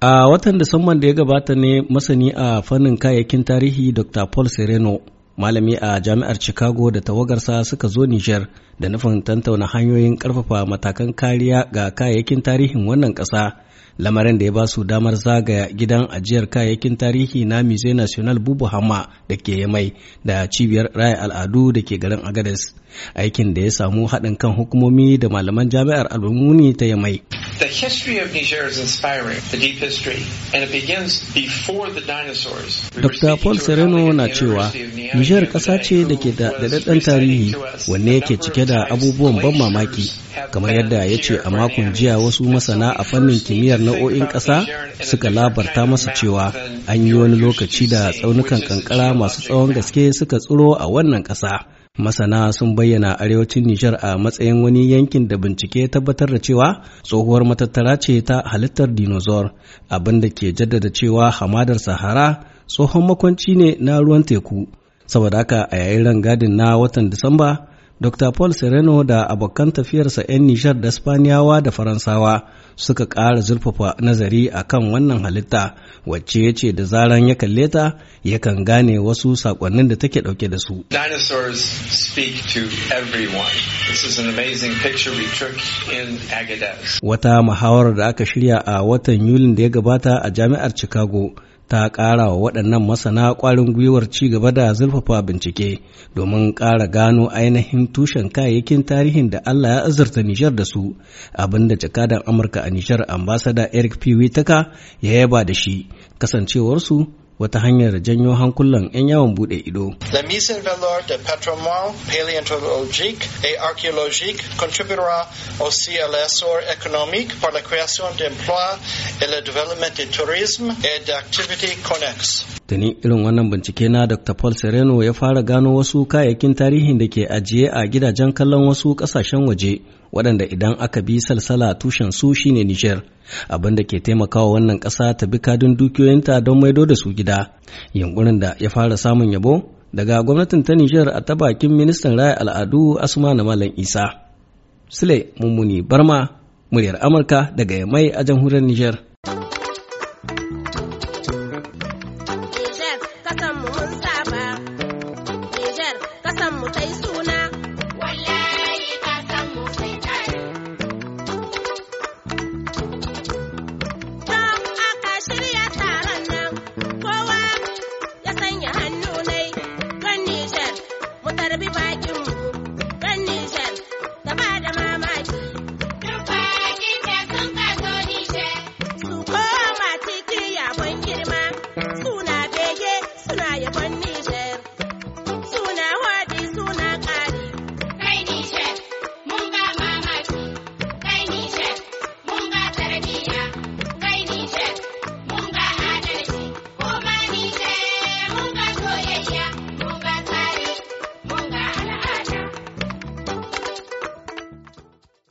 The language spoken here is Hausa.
A watan Disamban da ya gabata ne masani a fannin kayayyakin tarihi Dr. Paul Sereno, malami a Jami'ar Chicago da tawagarsa suka zo Nijar da nufin tantauna hanyoyin ƙarfafa matakan kariya ga kayayyakin tarihin wannan ƙasa, lamarin da ya ba su damar zagaya gidan ajiyar kayayyakin tarihi na Musée National Bubu Hamma da ke Yamai da cibiyar raya al'adu da ke garin Agades, aikin da ya samu haɗin kan hukumomi da malaman jami'ar Albumuni ta Yamai. The history of Niger is inspiring, the deep history, and it begins before the dinosaurs. Dr. Paul Sereno na cewa Niger ƙasa ce da ke da daɗaɗɗen tarihi wanne yake cike da abubuwan ban mamaki. Kamar yadda ya ce a makon jiya wasu masana a fannin kimiyyar nau'o'in ƙasa suka labarta masa cewa an yi wani lokaci da tsaunukan kankara masu tsawon gaske suka tsiro a wannan ƙasa. Masana sun bayyana arewacin Nijar a matsayin wani yankin da bincike tabbatar da cewa tsohuwar matattara ce ta halittar dinosaur abin da ke jaddada cewa hamadar Sahara tsohon makwanci ne na ruwan teku. Saboda haka a yayin rangadin na watan Disamba Dr. Paul Sereno da abokan tafiyarsa 'yan Nijar da Spaniyawa da Faransawa suka ƙara zurfafa nazari a kan wannan halitta wacce ya ce da zaran ya kalle ta yakan gane wasu saƙonnin da take ɗauke da su. Dinosaurs speak to everyone. is an amazing in Agadez. Wata muhawarar da aka shirya a watan Yulin da ya gabata a Jami'ar Chicago ta ƙara wa waɗannan masana ƙwarin gwiwar ci gaba da zurfafa bincike domin ƙara gano ainihin tushen kayayyakin tarihin da Allah ya azurta Nijar da su abin abinda jakadan Amurka a Nijar ambasada Eric P. Whittaker ya yaba da shi kasancewarsu wata hanyar janyo hankulan 'yan yawon bude ido. The Mise Valor de Patrimoine Paléontologique et Archéologique contribuera aussi à l'essor économique par la création d'emplois et le développement du tourisme et d'activités connexes. Tuni irin wannan bincike na Dr. Paul Sereno ya fara gano wasu kayayyakin tarihin da ke ajiye a gidajen kallon wasu kasashen waje waɗanda idan aka bi salsala tushen su shine Niger abin da ke taimakawa wannan ƙasa ta bi kadin dukiyoyinta don maido da su gida. gida yunkurin da ya fara samun yabo daga gwamnatin ta Nijar a ta ministan raya al'adu Asmanu Malam Isa. Sule Mummuni Barma, muryar Amurka daga mai a jamhuriyar Nijar. Nijar, kasan mu